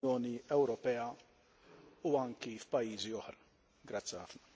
l unjoni Ewropea u anki f'pajjiżi oħra. Grazzi ħafna.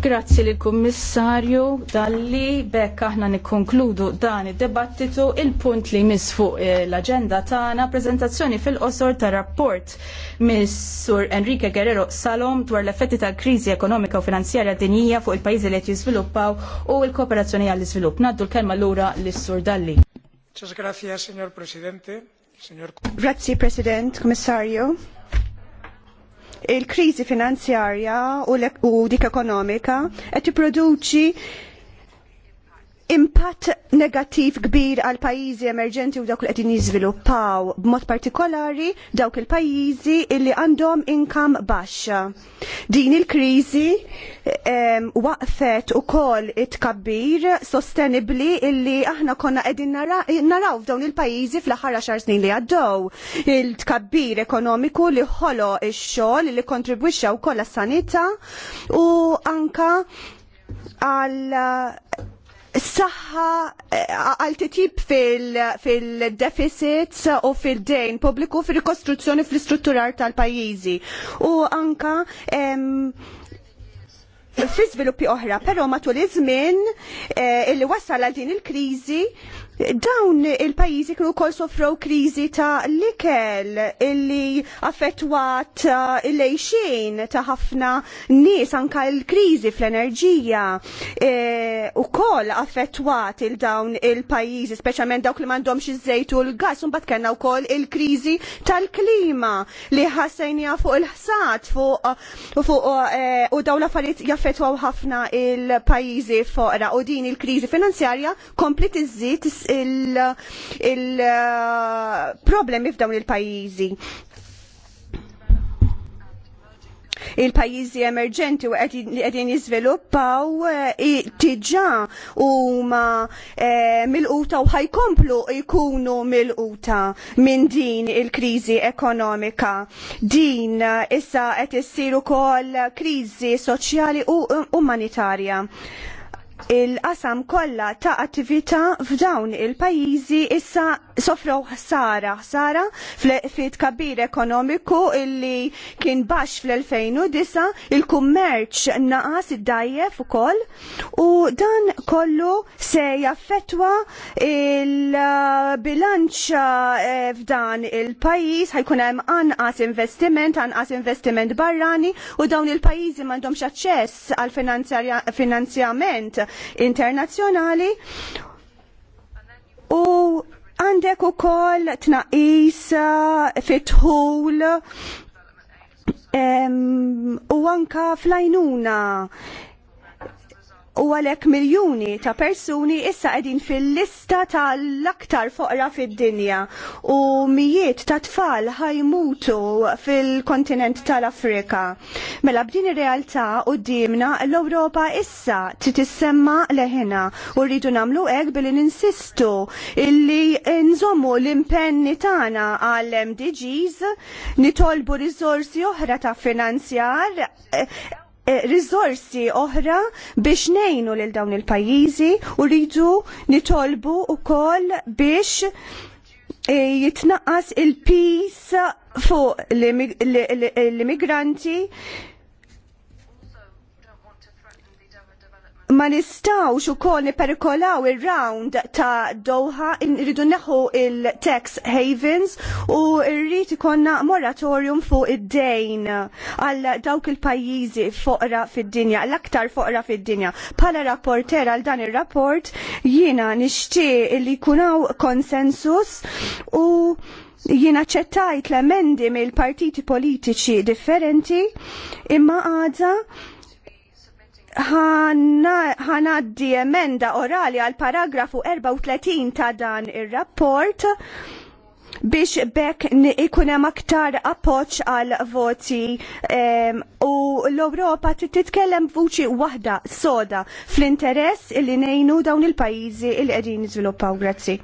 Grazzi li kummissarju Dalli bekk aħna nikkonkludu dan id-debattitu il-punt li jmiss fuq eh, l-agenda tagħna preżentazzjoni fil-qosor ta' rapport mis Sur Enrique Guerrero Salom dwar l-effetti tal-kriżi ekonomika u finanzjarja dinjija fuq il-pajjiżi li qed jiżviluppaw u l-kooperazzjoni għall-iżvilupp. Naddu l-kelma lura lis-Sur Dalli. Muchas gracias, presidente. Grazie, President, Commissario il-kriżi finanzjarja u dik ekonomika qed tipproduċi impatt negattiv kbir għal pajjiżi emerġenti u dawk li qegħdin jiżviluppaw b'mod partikolari dawk il-pajjiżi illi għandhom inkam baxxa. Din il-kriżi waqfet ukoll it-kabbir sostenibbli illi aħna konna qegħdin naraw f'dawn il-pajjiżi fl-aħħar għaxar snin li għaddew. Il-tkabbir ekonomiku li ħolo ix-xogħol li kontribwixxa wkoll għas-sanità u anka għal saħħa eh, għal fil-deficits u fil-dejn pubbliku fil-rikostruzzjoni fil-strutturar tal-pajjiżi u anka fi sviluppi oħra, però matul iż-żmien eh, illi wassal għal din il-kriżi Dawn il-pajizi kienu kol sofrow krizi ta' likel illi affettwat uh, il-lejxin ta' ħafna nies anka il-krizi fl-enerġija e, u kol affettwat il-dawn il-pajizi specialment dawk li mandom iż u l-gas un kellna u kol il-krizi tal-klima li ħassajnija fuq il-ħsat fuq fu, uh, e, u dawn l-affarijiet jaffettwaw ħafna il-pajizi foqra u din il-krizi finanzjarja komplet iżżid il-problemi il f'dawn il-pajjiżi il-pajjiżi emerġenti u qegħdin jiżviluppaw ma eh, huma eh, milquta u ħajkomplu jkunu milquta minn din il-kriżi ekonomika. Din eh, issa qed issir ukoll kriżi soċjali u umanitarja il-qasam kollha ta' attività f'dawn il-pajjiżi issa sofrew ħsara ħsara fit kabir ekonomiku illi kien baxx fl-2009 il-kummerċ naqas id-dajjef ukoll u dan kollu se jaffetwa il-bilanċ eh, f'dan il-pajjiż ħajkun hemm anqas investiment, anqas investiment barrani u dawn il-pajjiżi m'għandhomx aċċess għal finanzjament internazzjonali u għandek u koll tnaqis eh, fitħul u anka flajnuna u għalek miljoni ta' persuni issa għedin fil-lista tal-aktar foqra fid-dinja u mijiet ta' tfal ħajmutu fil-kontinent tal-Afrika. Mela b'din ir-realtà u dimna l-Ewropa issa titissemma leħina u rridu namlu hekk billi ninsistu illi nżommu l-impenni tagħna għall-MDGs nitolbu rizorsi oħra ta' finanzjar Eh, rizorsi oħra biex nejnu lil dawn il-pajjiżi u rridu nitolbu wkoll biex eh, jitnaqqas il-pis fuq l-immigranti ma nistawx ukoll niperikolaw ir-round ta' Doha irridu neħu il-tax havens u rrid ikonna moratorium fuq id-dejn għal dawk il-pajjiżi foqra fid-dinja, l-aktar foqra fid-dinja. Pala rapporter għal dan ir-rapport jiena nixtieq li kunaw konsensus u jina ċettajt l-emendi mill-partiti politiċi differenti imma għadha ħanaddi emenda orali għal paragrafu 34 ta' dan ir-rapport biex bekk ikun hemm aktar appoġġ għal voti um, u l-Ewropa trid titkellem vuċi waħda soda fl-interess li ngħinu dawn il-pajjiżi li qegħdin jiżviluppaw. Grazzi.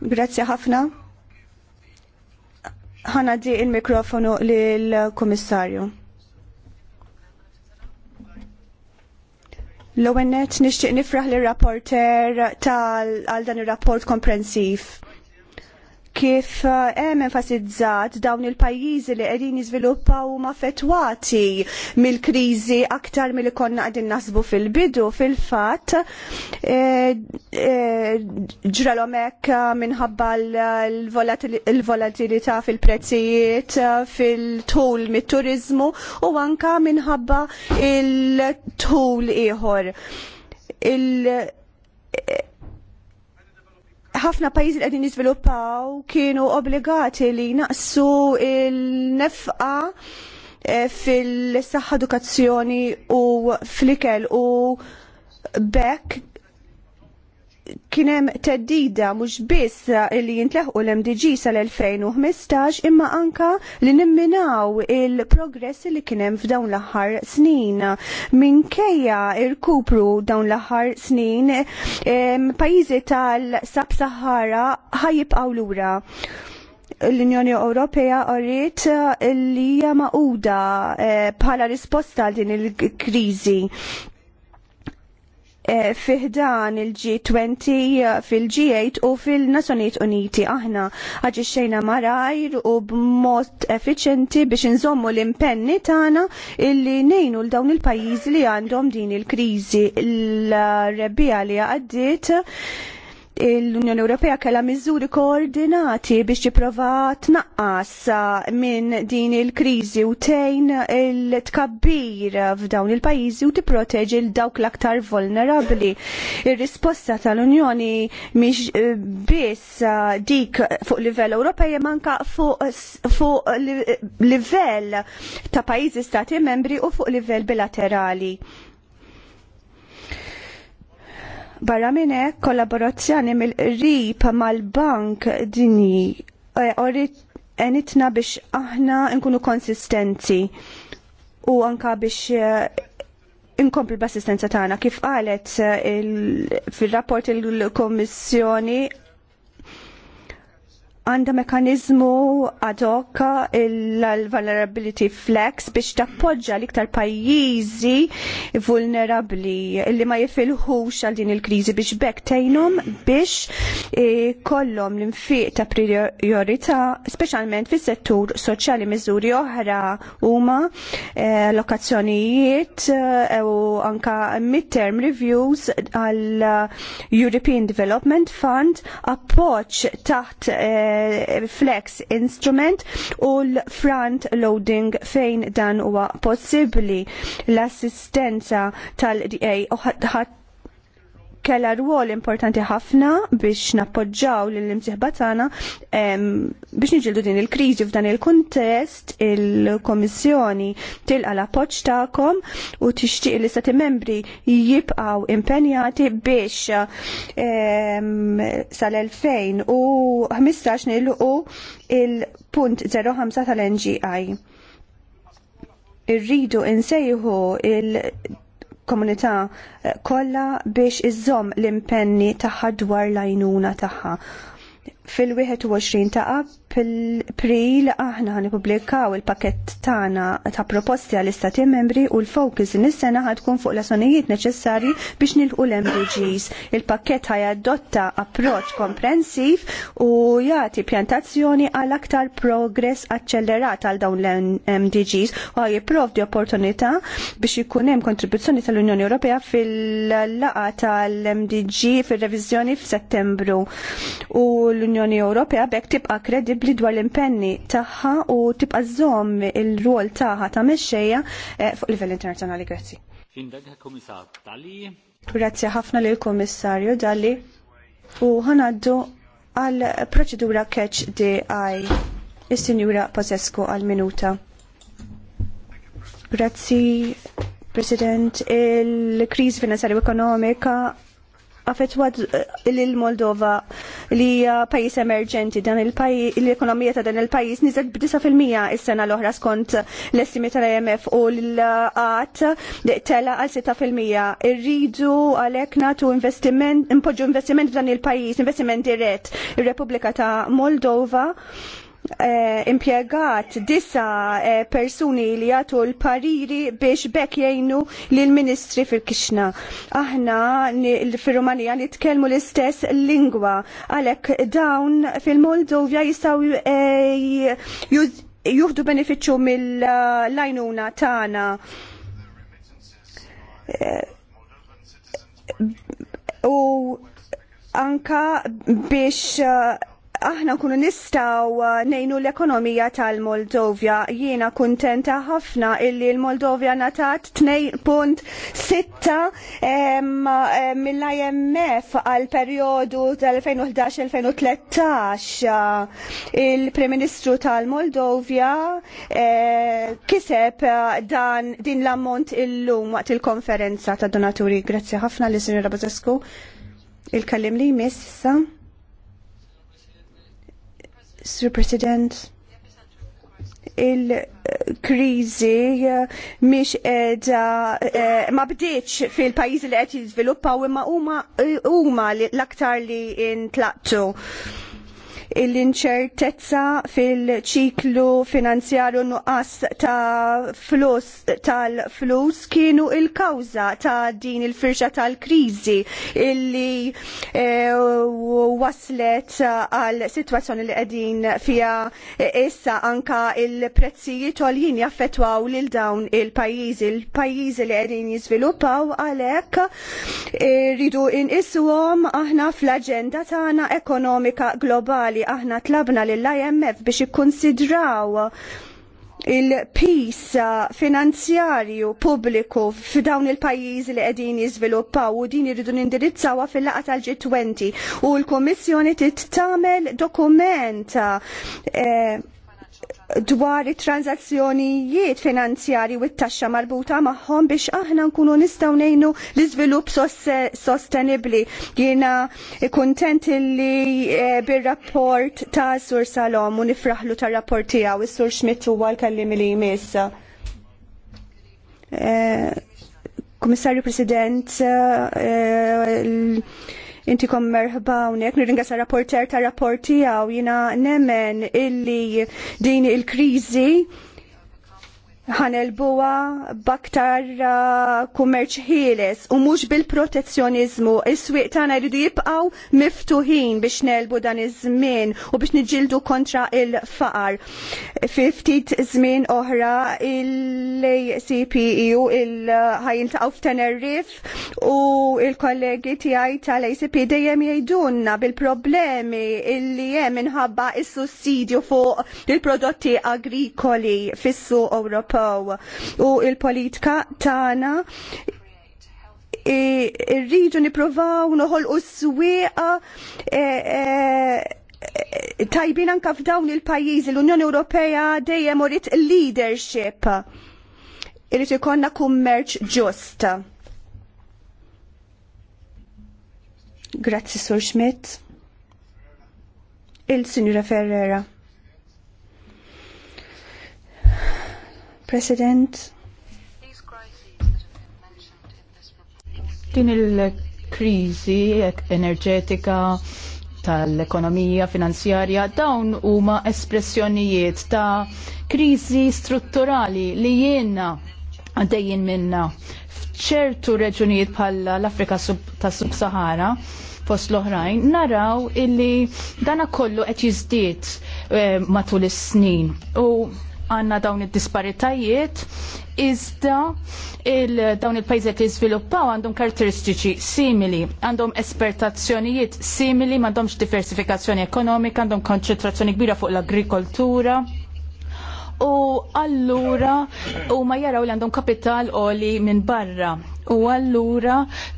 Grazzi ħafna. Ħanadi il-mikrofonu lill-Kummissarju. L-ewwel nixtieq nifraħ lir rapporter tal għal dan ir-rapport komprensiv kif eh, hemm enfasizzat dawn il-pajjiżi li qegħdin jiżviluppaw huma fetwati mill-kriżi aktar milli konna qegħdin nasbu fil-bidu fil-fatt eh, eh, ġralhom hekk minħabba l-volatilità fil-prezzijiet fil-tul mit-turiżmu u anka minħabba il-tul ieħor ħafna pajjiżi qegħdin jiżviluppaw kienu obbligati li naqsu il-nefqa eh, fil-saħħa edukazzjoni u fl-ikel u bekk kienem teddida mux biss li jintlaħqu l-MDG sal-2015 imma anka li nimminaw il-progress li kienem f'dawn l-aħħar snin. Minkejja irkupru dawn l-aħħar snin pajizi tal-Sab-Sahara ħajib lura l-Unjoni Ewropea orrit li hija maquda eh, bħala risposta għal din il-kriżi Eh, fiħdan il-G20 eh, fil-G8 u fil-Nazzjonijiet Uniti. Aħna xejna marajr u b'mod effiċenti biex nżommu l-impenni tagħna illi nejnu l dawn il-pajjiżi li għandhom din il-kriżi l-rebbija li għaddiet l-Unjoni Ewropea kellha miżuri koordinati biex jipprova tnaqqas minn din il-kriżi u tejn il-tkabbir f'dawn il-pajjiżi u tipproteġi l dawk l-aktar vulnerabbli. Ir-risposta tal-Unjoni mhix eh, biss eh, dik fuq livell Ewropej manka fuq fu livell ta' pajjiżi stati membri u fuq livell bilaterali. Barra minn hekk kollaborazzjoni mill-rib mal-bank dinji e, orrit enitna biex aħna nkunu konsistenti u anka biex e, inkompli b'assistenza tagħna kif qalet e, fir-rapport il-Kommissjoni għanda mekanizmu ad hoc il-vulnerability flex biex tappoġġa l-iktar pajjiżi vulnerabli li ma jifilħux għal din il-kriżi biex bekk tejnum biex eh, kollom l-infiq ta' priorità speċjalment fis-settur soċjali miżuri oħra huma eh, lokazzjonijiet eh, u anka mid-term reviews għal European Development Fund appoġġ taħt Eh, flex instrument u l-front loading fejn dan huwa possibbli l-assistenza tal-DA u ħadd kella rwol importanti ħafna biex nappoġġaw lill-imsieħba tagħna biex niġildu din il-kriżi f'dan il-kuntest il-Komissjoni tilqa l-appoġġ tagħkom u tixtieq li stati membri jibqgħu impenjati biex sal-2015 nilqu il-punt 05 tal-NGI. Irridu insejħu il- komunità eh, kollha biex iżżomm l-impenni tagħha dwar l-għajnuna tagħha. Fil-21 ta' fil-pril aħna ħan publikaw il-pakett tagħna ta' proposti għall istati membri u l-fokus nis-sena għad kun fuq l-asonijiet neċessarji biex nilqu l-MDGs. Il-pakett adotta approċ komprensiv u jagħti pjantazzjoni għal aktar progress accelerat għal dawn l-MDGs u jipprovdi opportunità biex ikun hemm kontribuzzjoni tal-Unjoni Ewropea fil-laqa tal-MDG fir-reviżjoni f'Settembru u l-Unjoni Ewropea bektib tibqa' li dwar l-impenni tagħha u tibqa' żomm il-rwol tagħha ta' mexxejja eh, fuq livell internazzjonali. Grazzi. Grazzi ħafna lil kummissarju Dalli u ħanaddu għal proċedura catch DI. Is-Sinjura Posesko għal minuta. Grazzi, President, il-kriż finanzjarju ekonomika affettwat eh, l-Moldova li hija pajjiż emerġenti dan il-pajji, l-ekonomija ta' dan il-pajjiż fil-mija is-sena l-oħra skont l-estimi tal-IMF u l-qatt tela għal 6%. Irridu għalhekk nagħtu investiment impoġġu investiment f'dan il-pajjiż, investiment dirett. Ir-Repubblika ta' Moldova Eh, impjegat disa eh, persuni li jagħtu l-pariri biex bekk jgħinu lill ministri fil-Kixna. Aħna fir-Rumanija nitkellmu l-istess lingwa għalhekk dawn fil-Moldovja jistgħu eh, juhdu beneficju mill-lajnuna tagħna. Eh, u anka biex aħna kunu nistaw uh, nejnu l-ekonomija tal-Moldovja. Jiena kuntenta ħafna illi l-Moldovja natat 2.6 mill-IMF għal periodu tal-2011-2013. Il-Prim Ministru tal-Moldovja eh, kiseb eh, dan din l-ammont illum waqt il-konferenza ta' donaturi. Grazzi ħafna l Sinjora Bazesku. Il-kallim li jmiss Sir President, il-krizi eh, miex edha eh, ma bdiċ fil pajiz li qed jiżviluppaw imma huma eh, l-aktar li intlaqtu l-inċertezza fil-ċiklu finanzjarju nuqqas ta' flus tal-flus kienu il-kawza ta' din il-firxa tal-krizi illi e, waslet għal situazzjoni li qegħdin fija issa anka il-prezzijiet għoljin jaffetwaw lil dawn il-pajjiżi, il-pajjiżi li qegħdin jiżviluppaw għalhekk eh, rridu inqisuhom aħna fl-aġenda tagħna ekonomika globali li aħna tlabna lill-IMF biex ikkonsidraw il-peace finanzjarju pubbliku f'dawn il-pajjiżi li qegħdin jiżviluppaw u din iridu nindirizzawha fil-laqgħa tal-G20 u l-Kummissjoni tagħmel dokumenta eh, dwar it-transazzjonijiet finanzjari u t-taxxa marbuta magħhom biex aħna nkunu nistgħu ngħinu l-iżvilupp sostenibbli. Jiena kuntent li eh, bir-rapport ta' Sur Salom u nifraħlu tar-rapport tiegħu is-Sur Schmidt huwa l-kellim li jmiss. Eh, Kummissarju President, eh, Inti kom merħba unek, nirringasa rapporter ta' rapporti għaw jina nemmen illi din il-krizi ħanelbuwa baktar uh, kummerċ ħieles u mhux bil-protezzjonizmu. Is-swieq tagħna jridu jibqgħu miftuħin biex nelbu dan iż-żmien u biex niġġieldu kontra il-faqar. Fi ftit żmien oħra il l il ta' f'Tenerif u il-kollegi tiegħi tal-ACP dejjem jgħidulna bil-problemi illi hemm minħabba s sussidju fuq il-prodotti agrikoli fis-suq Ewropa Ewropew u il-politika tagħna irridu niprovaw noħolqu s-swieqa e- e- tajbin anka f'dawn il-pajjiżi l-Unjoni Ewropea dejjem urid leadership. Irid ikollna kummerċ ġust. Grazzi Sur Schmidt. il signora Ferrera. President. Din il-krizi enerġetika tal-ekonomija finanzjarja dawn huma espressjonijiet ta' kriżi strutturali li jiena għaddejjin minna f'ċertu reġunijiet bħala l-Afrika sub ta' Sub-Sahara fost l-oħrajn naraw illi dana kollu qed jiżdied eh, matul is-snin u għanna dawn id-disparitajiet, iżda il dawn il-pajzet li sviluppaw għandhom karakteristiċi simili, għandhom espertazzjonijiet simili, m'għandhomx diversifikazzjoni ekonomika, għandhom konċentrazzjoni kbira fuq l-agrikoltura, u allura u ma jaraw li għandhom kapital oli minn barra u allura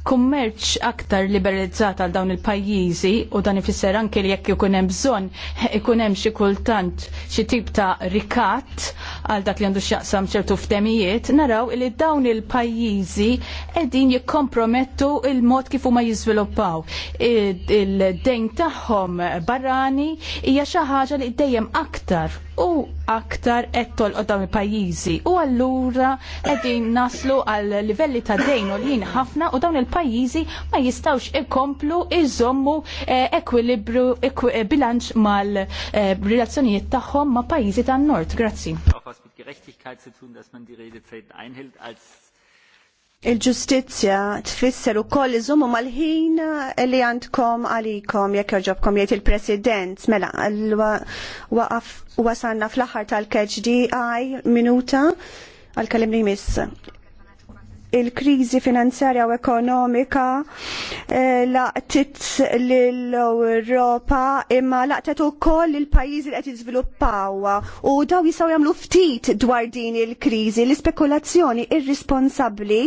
kummerċ aktar liberalizzat għal dawn il-pajjiżi u dan ifisser anke li jekk ikun hemm bżonn ikun hemm xi kultant xi tip ta' rikat għal dak li għandu x'jaqsam ċertu ftemijiet, naraw li dawn il-pajjiżi qegħdin jikkompromettu il-mod kif huma jiżviluppaw. Il-dejn tagħhom barrani hija xi ħaġa li dejjem aktar u aktar qed tolqod dawn il-pajjiżi. U allura qegħdin naslu għal livelli ta' dejn u lin ħafna u dawn il-pajjiżi ma jistgħux ikomplu iżommu eh, ekwilibru eh, bilanċ mal-relazzjonijiet eh, tagħhom ma' pajjiżi tan-Nord. Grazzi. Auch was mit Gerechtigkeit zu tun, dass man die einhält als il-ġustizzja tfisser ukoll iżommu mal-ħin li għandkom għalikom jekk joġobkom jgħid il-President mela waqaf wasanna fl-aħħar tal-KHDI minuta għal-kelim li miss il-krizi finanzjarja u ekonomika eh, laqtit l-Europa imma laqtet u koll il pajiz li qed zviluppawa u daw jisaw jagħmlu ftit dwar din il-krizi l-ispekulazzjoni irresponsabbli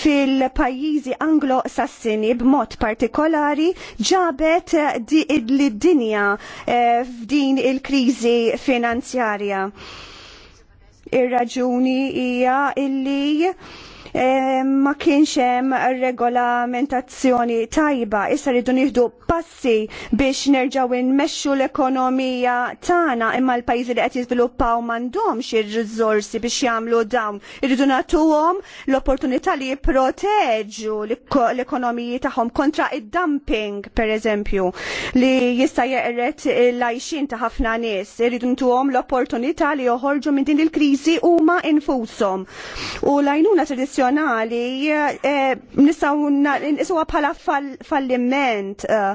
fil-pajizi anglo-sassini b'mod partikolari ġabet di l-dinja eh, f'din il-krizi finanzjarja. Ir-raġuni hija illi ma kienx hemm regolamentazzjoni tajba. Issa rridu nieħdu passi biex nerġgħu nmexxu l-ekonomija tagħna imma l-pajjiżi li qed jiżviluppaw m'għandhomx ir-riżorsi biex jagħmlu dawn. Irridu nagħtuhom l-opportunità li jipproteġu l-ekonomiji tagħhom kontra id-dumping pereżempju li jista' jeqret l-għajxin ta' ħafna nies. Irridu nagħtuhom l-opportunità li joħorġu minn din il-kriżi huma infushom. U l-għajnuna tradizzjoni nazzjonali eh, nistgħu nqisuha bħala falliment eh,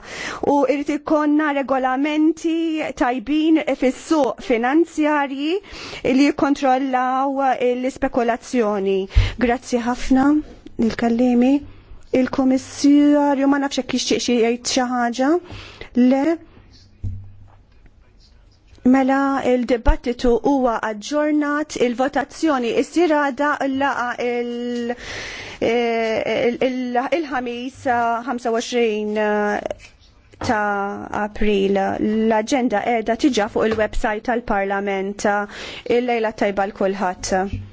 u irrit ikonna regolamenti tajbin fis-suq li jikkontrollaw eh, l-ispekulazzjoni. Grazzi ħafna il-kallimi. Il-komissarju ma nafx jekk jixtieq xi jgħid xi ħaġa. Le, Mela il-dibattitu huwa aġġornat il-votazzjoni issirada laqa il-ħamis 25 uh, uh, ta' April. L-agenda qiegħda tiġa fuq il-website tal-Parlament uh, il-lejla tajba l-kulħadd.